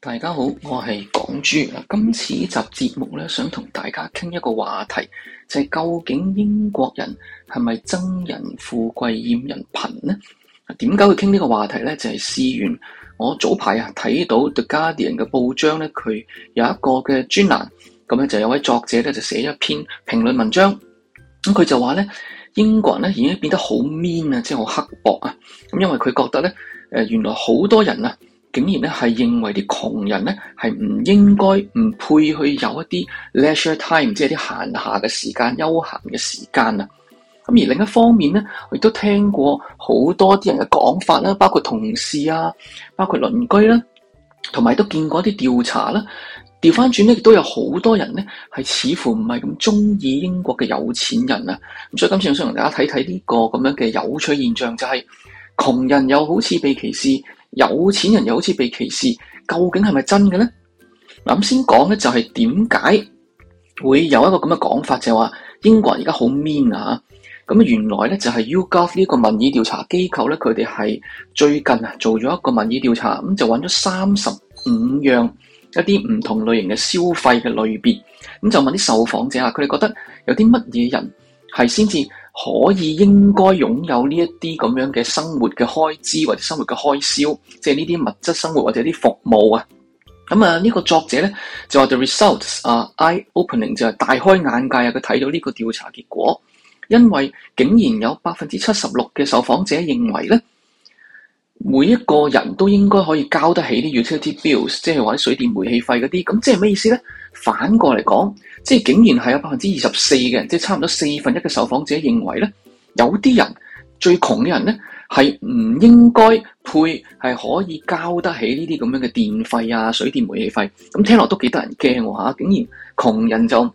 大家好，我係港豬。今次集節目咧，想同大家傾一個話題，就係、是、究竟英國人係咪憎人富貴厭人貧呢？點解會傾呢個話題咧？就係事緣我早排啊睇到 The Guardian 嘅報章咧，佢有一個嘅專欄，咁咧就有位作者咧就寫一篇評論文章，咁佢就話咧，英國人咧已經變得好 mean 啊，即係好刻薄啊。咁因為佢覺得咧，誒原來好多人啊。竟然咧，係認為啲窮人咧，係唔應該唔配去有一啲 leisure time，即係啲閒暇嘅時間、休閒嘅時間啊。咁而另一方面咧，我亦都聽過好多啲人嘅講法啦，包括同事啊，包括鄰居啦、啊，同埋都見過啲調查啦。調翻轉咧，亦都有好多人咧，係似乎唔係咁鍾意英國嘅有錢人啊。咁所以今次我想同大家睇睇呢個咁樣嘅有趣現象，就係、是、窮人又好似被歧視。有錢人又好似被歧視，究竟係咪真嘅呢？嗱，咁先講呢，就係點解會有一個咁嘅講法，就係話英國人而家好 mean 啊！咁原來呢，就係 YouGov 呢個民意調查機構呢，佢哋係最近啊做咗一個民意調查，咁就揾咗三十五樣一啲唔同類型嘅消費嘅類別，咁就問啲受訪者啊，佢哋覺得有啲乜嘢人係先至，可以應該擁有呢一啲咁樣嘅生活嘅開支或者生活嘅開銷，即係呢啲物質生活或者啲服務啊。咁啊，呢、這個作者呢，就話 The results 啊，eye-opening 就係、是、大開眼界啊！佢睇到呢個調查結果，因為竟然有百分之七十六嘅受訪者認為呢。每一個人都應該可以交得起啲 utility bills，即係話水電煤氣費嗰啲，咁即係咩意思呢？反過嚟講，即係竟然係有百分之二十四嘅人，即係差唔多四分一嘅受訪者認為呢，有啲人最窮嘅人呢，係唔應該配，係可以交得起呢啲咁樣嘅電費啊、水電煤氣費。咁聽落都幾得人驚喎吓，竟然窮人就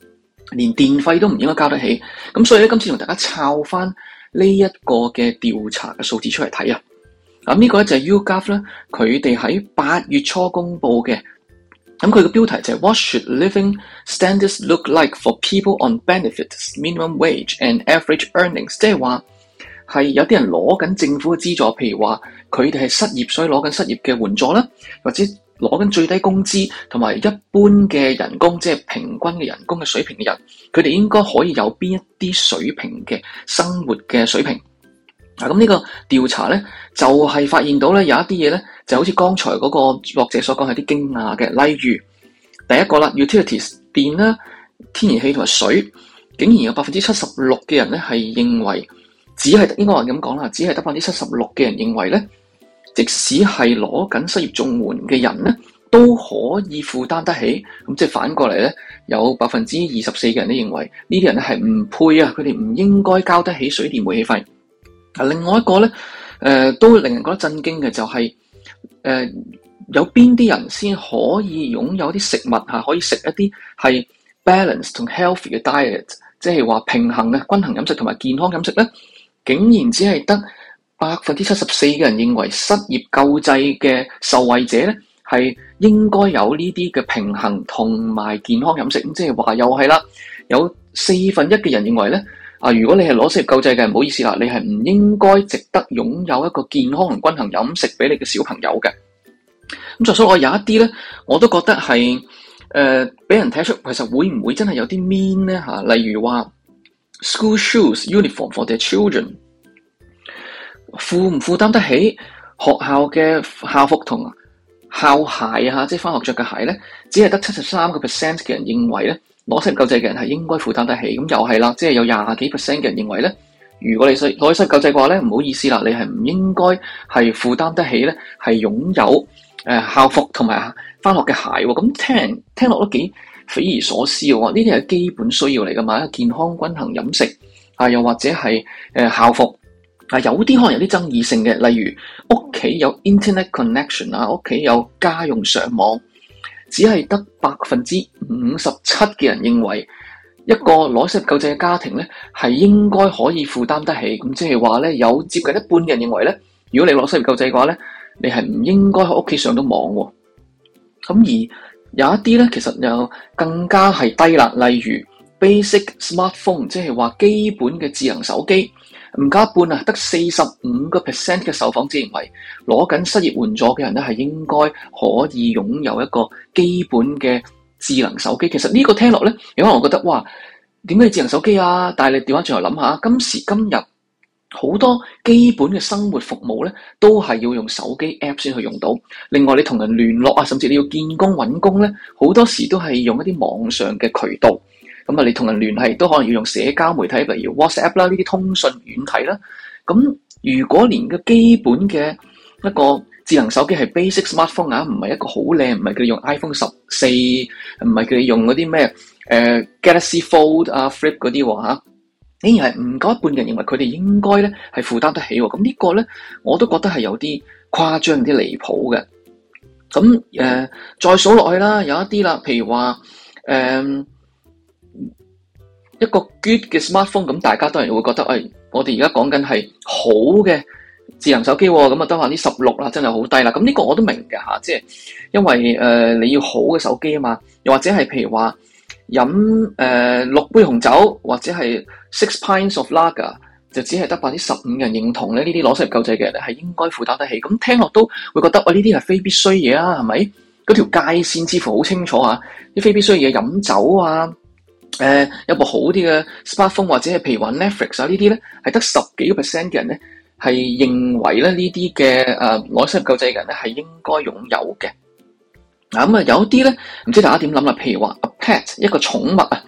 連電費都唔應該交得起。咁所以咧，今次同大家抄翻呢一個嘅調查嘅數字出嚟睇啊！咁呢個咧就係 YouGov 咧，佢哋喺八月初公布嘅。咁佢嘅標題就係 What should living standards look like for people on benefits, minimum wage and average earnings？即係話係有啲人攞緊政府嘅資助，譬如話佢哋係失業，所以攞緊失業嘅援助啦，或者攞緊最低工資同埋一般嘅人工，即係平均嘅人工嘅水平嘅人，佢哋應該可以有邊一啲水平嘅生活嘅水平？嗱，咁呢、啊、個調查咧，就係、是、發現到咧有一啲嘢咧，就好似剛才嗰個作者所講係啲驚訝嘅，例如第一個啦，utilities 電啦、天然氣同埋水，竟然有百分之七十六嘅人咧係認為，只係應該話咁講啦，只係得百分之七十六嘅人認為咧，即使係攞緊失業綜援嘅人咧，都可以負擔得起。咁即係反過嚟咧，有百分之二十四嘅人都認為呢啲人咧係唔配啊，佢哋唔應該交得起水電煤氣費。另外一個咧，誒、呃、都令人覺得震驚嘅就係、誒呃，有邊啲人先可以擁有啲食物、啊、可以食一啲係 balanced 同 healthy 嘅 diet，即係話平衡嘅均衡飲食同埋健康飲食咧，竟然只係得百分之七十四嘅人認為失業救濟嘅受惠者咧係應該有呢啲嘅平衡同埋健康飲食，即係話又係啦，有四分一嘅人認為咧。啊！如果你係攞失業救濟嘅，唔好意思啦，你係唔應該值得擁有一個健康同均衡飲食俾你嘅小朋友嘅。咁就所以我有一啲咧，我都覺得係誒俾人睇出其實會唔會真係有啲 mean 咧嚇，啊，例如話 school shoes uniform for their children 負唔負擔得起學校嘅校服同校鞋啊，即係返學着嘅鞋咧，只係得七十三個 percent 嘅人認為咧。攞失救濟嘅人係應該負擔得起，咁又係啦，即係有廿幾 percent 嘅人認為咧，如果你需攞失救濟嘅話咧，唔好意思啦，你係唔應該係負擔得起咧，係擁有誒、呃、校服同埋返翻學嘅鞋喎，咁聽聽落都幾匪夷所思喎，呢啲係基本需要嚟噶嘛，健康均衡飲食啊，又或者係誒、呃、校服啊，有啲可能有啲爭議性嘅，例如屋企有 internet connection 啊，屋企有家用上網。只係得百分之五十七嘅人認為一個攞失業救濟嘅家庭咧係應該可以負擔得起，咁即係話咧有接近一半嘅人認為咧，如果你攞失業救濟嘅話咧，你係唔應該喺屋企上到網喎。咁而有一啲咧，其實又更加係低啦，例如 basic smartphone，即係話基本嘅智能手機。唔加一半啊，得四十五個 percent 嘅受訪者認為攞緊失業援助嘅人咧，係應該可以擁有一個基本嘅智能手機。其實呢個聽落咧，有可能我覺得哇，點解要智能手機啊？但係你調翻轉頭諗下，今時今日好多基本嘅生活服務咧，都係要用手機 app 先去用到。另外你同人聯絡啊，甚至你要見工揾工咧，好多時都係用一啲網上嘅渠道。咁啊！你同人聯繫都可能要用社交媒體，例如 WhatsApp 啦，呢啲通訊軟體啦。咁如果連個基本嘅一個智能手機係 basic smartphone 啊，唔係一個好靚，唔係佢用 iPhone 十四，唔係佢用嗰啲咩 Galaxy Fold 啊 Flip 嗰啲吓，竟然係唔夠一半人認為佢哋應該咧係負擔得起喎。咁呢個咧我都覺得係有啲誇張、有啲離譜嘅。咁誒、呃、再數落去啦，有一啲啦，譬如話誒一個 good 嘅 smartphone，咁大家當然會覺得，誒、哎，我哋而家講緊係好嘅智能手機喎，咁啊得翻百分之十六啦，真係好低啦。咁呢個我都明嘅嚇、啊，即係因為誒、呃、你要好嘅手機啊嘛，又或者係譬如話飲誒六、呃、杯紅酒，或者係 six pints of lager，就只係得百分之十五人認同咧，呢啲攞失業救濟嘅人係應該負擔得起。咁聽落都會覺得，哇、啊，呢啲係非必需嘢啊，係咪？嗰條界線似乎好清楚啊，啲非必需嘢飲酒啊。誒、呃、有部好啲嘅 smartphone 或者係譬如話 Netflix 啊，呢啲咧係得十幾個 percent 嘅人咧係認為咧呢啲嘅誒攞失業救濟嘅人咧係應該擁有嘅。嗱，咁啊有啲咧唔知大家點諗啦？譬如話 a pet 一個寵物啊，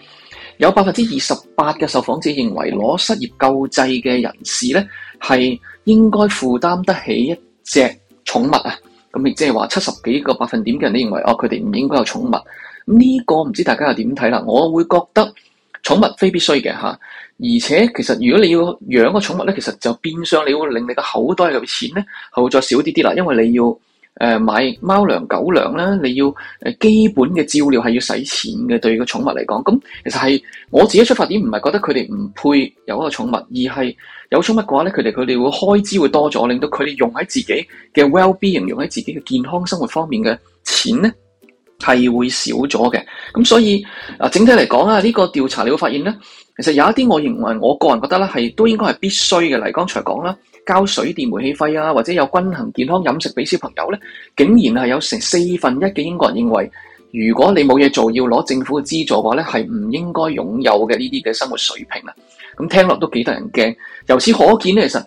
有百分之二十八嘅受訪者認為攞失業救濟嘅人士咧係應該負擔得起一隻寵物啊。咁亦即係話七十幾個百分點嘅人，你認為哦，佢哋唔應該有寵物？呢個唔知大家又點睇啦？我會覺得寵物非必須嘅吓，而且其實如果你要養個寵物咧，其實就變相你會令你嘅口袋入邊錢咧，係會再少啲啲啦，因為你要。誒，買貓糧、狗糧啦，你要誒基本嘅照料係要使錢嘅，對個寵物嚟講，咁其實係我自己出發點，唔係覺得佢哋唔配有一個寵物，而係有寵物嘅話咧，佢哋佢哋會開支會多咗，令到佢哋用喺自己嘅 well-being，用喺自己嘅健康生活方面嘅錢咧，係會少咗嘅。咁所以啊，整體嚟講啊，呢個調查你會發現咧，其實有一啲我認為我個人覺得咧，係都應該係必須嘅。例如剛才講啦。交水電煤氣費啊，或者有均衡健康飲食俾小朋友呢，竟然係有成四分一嘅英國人認為，如果你冇嘢做，要攞政府嘅資助嘅話咧，係唔應該擁有嘅呢啲嘅生活水平啦。咁聽落都幾得人驚。由此可見呢，其實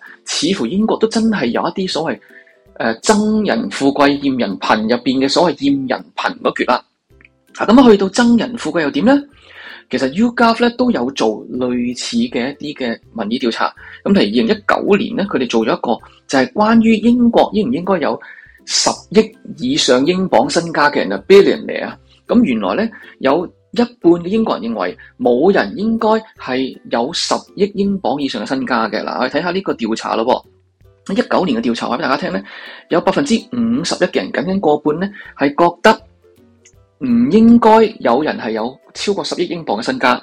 似乎英國都真係有一啲所謂誒，憎人富貴厭人貧入邊嘅所謂厭人貧嗰決啦。啊，咁去到憎人富貴又點呢？其實 YouGov 咧都有做類似嘅一啲嘅民意調查。咁譬如二零一九年咧，佢哋做咗一個就係關於英國應唔應該有十億以上英鎊身家嘅人啊，billionaire 嚟啊。咁原來咧有一半嘅英國人認為冇人應該係有十億英鎊以上嘅身家嘅。嗱，我哋睇下呢個調查咯。一九年嘅調查話俾大家聽咧，有百分之五十一嘅人，僅僅過半咧係覺得唔應該有人係有。超過十億英鎊嘅身家，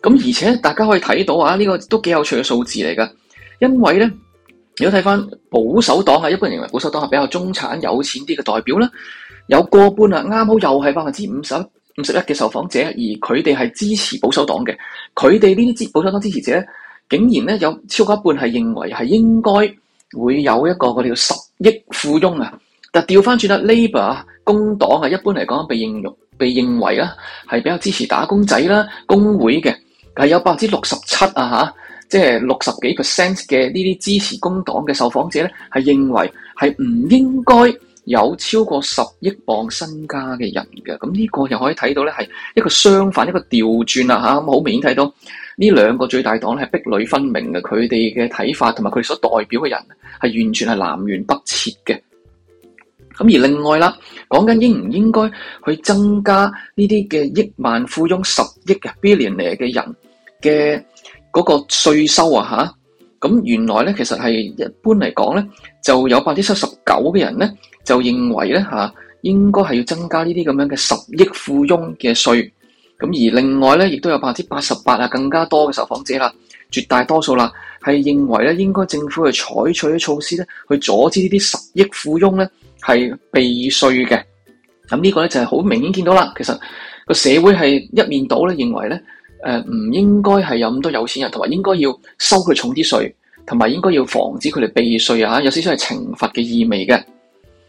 咁而且大家可以睇到啊，呢個都幾有趣嘅數字嚟噶。因為咧，如果睇翻保守黨啊，一般認為保守黨係比較中產有錢啲嘅代表啦，有過半啊，啱好又係百分之五十一、五十一嘅受訪者，而佢哋係支持保守黨嘅。佢哋呢啲支保守黨支持者，竟然咧有超過一半係認為係應該會有一個我哋叫十億富翁啊！但調翻轉啦，Labour 啊，工黨啊，一般嚟講被應用。被認為咧，係比較支持打工仔啦、工會嘅，但係有百分之六十七啊吓，即係六十幾 percent 嘅呢啲支持工黨嘅受訪者咧，係認為係唔應該有超過十億磅身家嘅人嘅。咁呢個又可以睇到咧，係一個相反、一個調轉啊吓，咁好明顯睇到呢兩個最大黨咧係壁壘分明嘅，佢哋嘅睇法同埋佢哋所代表嘅人係完全係南轅北轍嘅。咁而另外啦，講緊應唔應該去增加呢啲嘅億萬富翁十億嘅 billionaire 嘅人嘅嗰個稅收啊吓，咁原來咧其實係一般嚟講咧，就有百分之七十九嘅人咧就認為咧吓、啊，應該係要增加呢啲咁樣嘅十億富翁嘅稅。咁而另外咧，亦都有百分之八十八啊更加多嘅受訪者啦，絕大多數啦係認為咧應該政府去採取啲措施咧去阻止呢啲十億富翁咧。係避稅嘅，咁呢個咧就係好明顯見到啦。其實個社會係一面倒咧，認為咧誒唔應該係有咁多有錢人，同埋應該要收佢重啲稅，同埋應該要防止佢哋避稅啊，有少少係懲罰嘅意味嘅。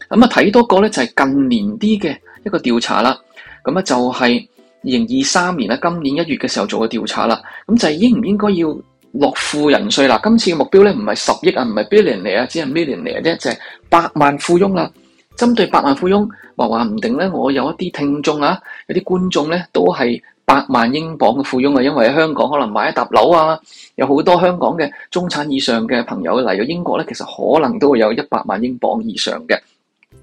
咁啊睇多個咧就係近年啲嘅一個調查啦，咁啊就係二零二三年啦，今年一月嘅時候做嘅調查啦，咁就係應唔應該要落富人稅啦？今次嘅目標咧唔係十億啊，唔係 billion 嚟啊，只係 million 嚟嘅啫，就係百萬富翁啦。針對百萬富翁，話話唔定咧，我有一啲聽眾啊，有啲觀眾咧都係百萬英鎊嘅富翁啊，因為喺香港可能買一棟樓啊，有好多香港嘅中產以上嘅朋友，嚟到英國咧，其實可能都會有一百萬英鎊以上嘅。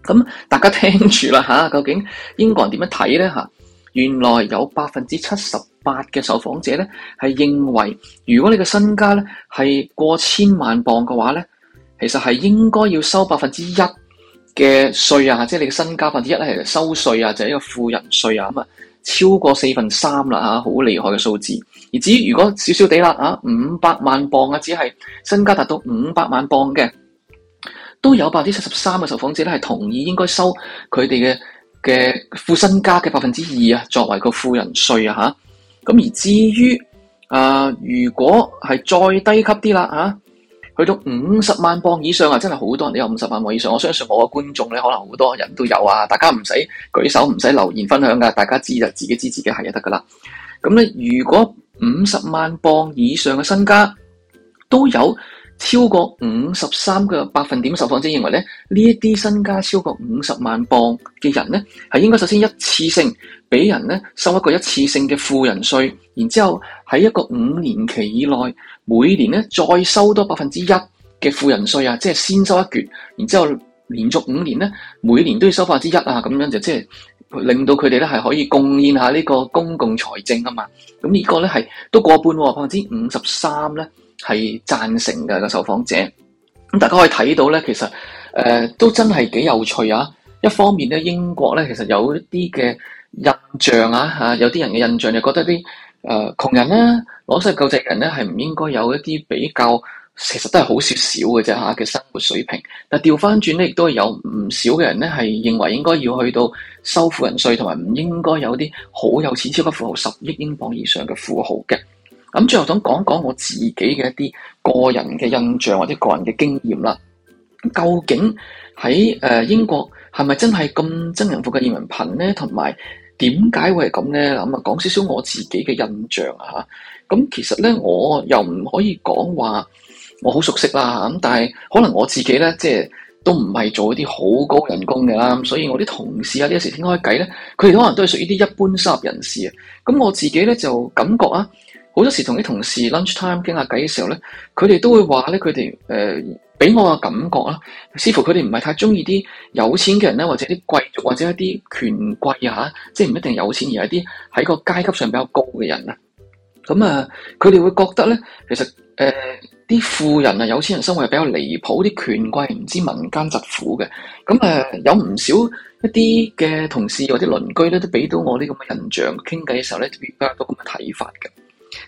咁、嗯、大家聽住啦嚇，究竟英國人點樣睇呢嚇？原來有百分之七十八嘅受訪者咧係認為，如果你嘅身家咧係過千萬磅嘅話咧，其實係應該要收百分之一。嘅稅啊，即係你嘅身家百分之一係收稅啊，就係、是、一個富人稅啊，咁啊超過四分三啦，吓、啊、好厲害嘅數字。而至於如果少少地啦，啊五百萬磅啊，只係身家達到五百萬磅嘅，都有百分之七十三嘅受訪者咧係同意應該收佢哋嘅嘅副身家嘅百分之二啊，作為個富人稅啊，吓、啊、咁而至於啊，如果係再低級啲啦，啊。去咗五十萬磅以上啊，真係好多人都有五十萬磅以上。我相信我嘅觀眾咧，可能好多人都有啊。大家唔使舉手，唔使留言分享噶，大家知就自己知，自己係就得噶啦。咁咧，如果五十萬磅以上嘅身家都有超過五十三個百分點，受訪者認為咧，呢一啲身家超過五十萬磅嘅人咧，係應該首先一次性俾人咧收一個一次性嘅富人稅，然之後喺一個五年期以內，每年咧再收多百分之一嘅富人稅啊，即係先收一橛，然之後連續五年咧，每年都要收百分之一啊，咁樣就即係令到佢哋咧係可以貢獻下呢個公共財政啊嘛。咁、嗯這個、呢個咧係都過半、啊，百分之五十三咧係贊成嘅、這個受訪者。咁、嗯、大家可以睇到咧，其實誒、呃、都真係幾有趣啊。一方面咧，英國咧其實有一啲嘅印象啊，嚇有啲人嘅印象就覺得啲。誒窮人咧，攞晒救濟人咧，係唔應該有一啲比較，其實都係好少少嘅啫嚇嘅生活水平。但係調翻轉咧，亦都有唔少嘅人咧，係認為應該要去到收富人稅，同埋唔應該有啲好有錢、超級富豪十億英鎊以上嘅富豪嘅。咁、嗯、最後想講講我自己嘅一啲個人嘅印象或者個人嘅經驗啦。究竟喺誒、呃、英國係咪真係咁憎人富貴厭人貧咧？同埋。點解會係咁咧？咁啊講少少我自己嘅印象啊，咁其實咧我又唔可以講話我好熟悉啦吓，但係可能我自己咧即係都唔係做一啲好高人工嘅啦，所以我啲同事啊，呢時傾開偈咧，佢哋可能都係屬於啲一,一般收入人士啊。咁我自己咧就感覺啊。好多時同啲同事 lunch time 傾下偈嘅時候咧，佢哋都會話咧，佢哋誒俾我嘅感覺啦，似乎佢哋唔係太中意啲有錢嘅人咧，或者啲貴族，或者一啲權貴啊，即係唔一定有錢，而係啲喺個階級上比較高嘅人啦。咁啊，佢哋會覺得咧，其實誒啲富人啊，有錢人生活係比較離譜，啲權貴唔知民間疾苦嘅。咁、啊、誒有唔少一啲嘅同事或者鄰居咧，都俾到我呢咁嘅印象，傾偈嘅時候咧，特別多咁嘅睇法嘅。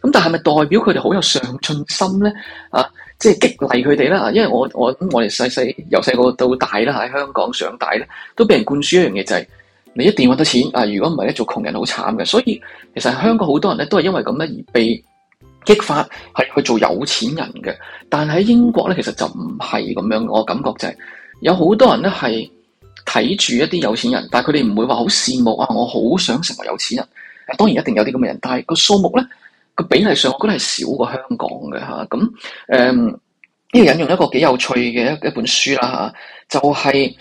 咁但係咪代表佢哋好有上進心咧？啊，即係激勵佢哋啦！啊，因為我我我哋細細由細個到大啦，喺香港上大咧，都俾人灌輸一樣嘢就係你一定搵到錢啊！如果唔係咧，做窮人好慘嘅。所以其實香港好多人咧都係因為咁咧而被激發係去做有錢人嘅。但係喺英國咧，其實就唔係咁樣。我感覺就係有好多人咧係睇住一啲有錢人，但係佢哋唔會話好羨慕啊！我好想成為有錢人。當然一定有啲咁嘅人，但係個數目咧。個比例上，我覺得係少過香港嘅嚇。咁誒、呢、嗯、個引用一個幾有趣嘅一一本書啦吓，就係、是、誒。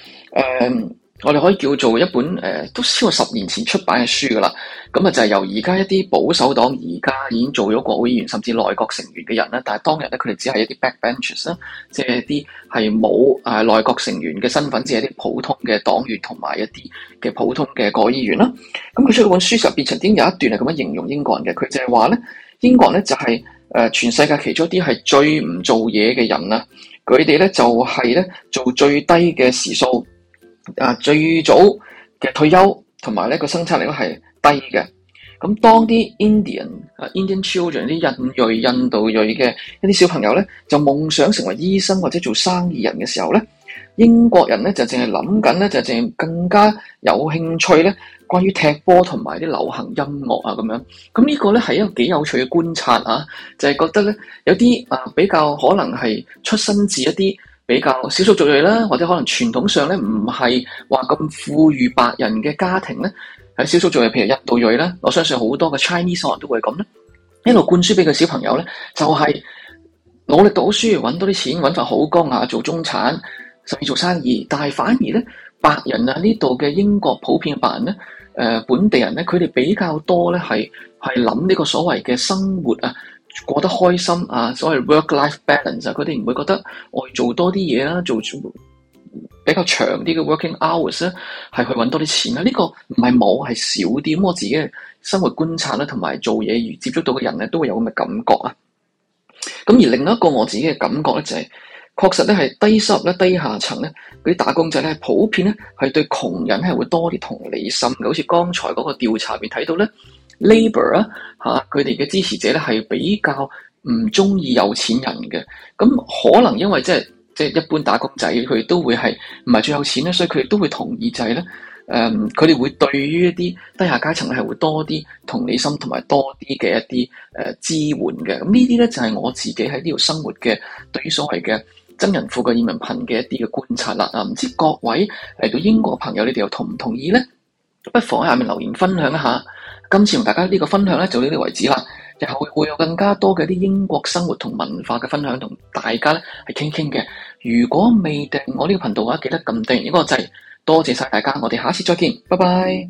嗯我哋可以叫做一本誒、呃，都超過十年前出版嘅書噶啦。咁啊，就係由而家一啲保守黨而家已經做咗國會議員，甚至內閣成員嘅人啦。但係當日咧，佢哋只係一啲 backbenchers 啦，即係啲係冇誒內閣成員嘅身份，只係啲普通嘅黨員同埋一啲嘅普通嘅國會議員啦。咁佢出嗰本書入邊曾經有一段係咁樣形容英國人嘅，佢就係話咧，英國人咧就係、是、誒、呃、全世界其中一啲係最唔做嘢嘅人啦。佢哋咧就係咧做最低嘅時數。啊，最早嘅退休同埋呢個生產力都係低嘅。咁當啲 Indian 啊 Indian children 啲印裔印度裔嘅一啲小朋友咧，就夢想成為醫生或者做生意人嘅時候咧，英國人咧就淨係諗緊咧，就淨係更加有興趣咧，關於踢波同埋啲流行音樂啊咁樣，咁呢個咧係一個幾有趣嘅觀察啊，就係、是、覺得咧有啲啊比較可能係出生自一啲。比較少數族裔啦，或者可能傳統上咧唔係話咁富裕白人嘅家庭咧，喺少數族裔譬如印度裔咧，我相信好多嘅 Chinese 人都會咁咧，一路灌輸俾個小朋友咧，就係、是、努力讀好書，揾多啲錢，揾份好工啊，做中產，甚至做生意，但係反而咧，白人啊呢度嘅英國普遍白人咧，誒、呃、本地人咧，佢哋比較多咧係係諗呢個所謂嘅生活啊。過得開心啊，所謂 work-life balance，佢哋唔會覺得我去做多啲嘢啦，做比較長啲嘅 working hours 咧、啊，係去揾多啲錢啦、啊。呢、這個唔係冇，係少啲。咁我自己嘅生活觀察咧、啊，同埋做嘢而接觸到嘅人咧、啊，都會有咁嘅感覺啊。咁而另一個我自己嘅感覺咧，就係、是、確實咧係低收入咧、低下層咧，啲打工仔咧，普遍咧係對窮人係會多啲同理心嘅。好似剛才嗰個調查入邊睇到咧。Labour 啊，吓佢哋嘅支持者咧，係比較唔中意有錢人嘅。咁可能因為即係即係一般打工仔，佢都會係唔係最有錢咧，所以佢哋都會同意就係、是、咧。誒、嗯，佢哋會對於一啲低下階層咧，係會多啲同理心同埋多啲嘅一啲誒支援嘅。咁呢啲咧就係我自己喺呢度生活嘅對於所謂嘅憎人富貴厭人貧嘅一啲嘅觀察啦。唔知各位嚟到英國嘅朋友，你哋又同唔同意咧？不妨喺下面留言分享一下。今次同大家呢個分享咧就到呢度為止啦，日後會有更加多嘅啲英國生活同文化嘅分享同大家咧係傾傾嘅。如果未訂我呢個頻道嘅話，記得撳訂呢個掣。多謝晒大家，我哋下次再見，拜拜。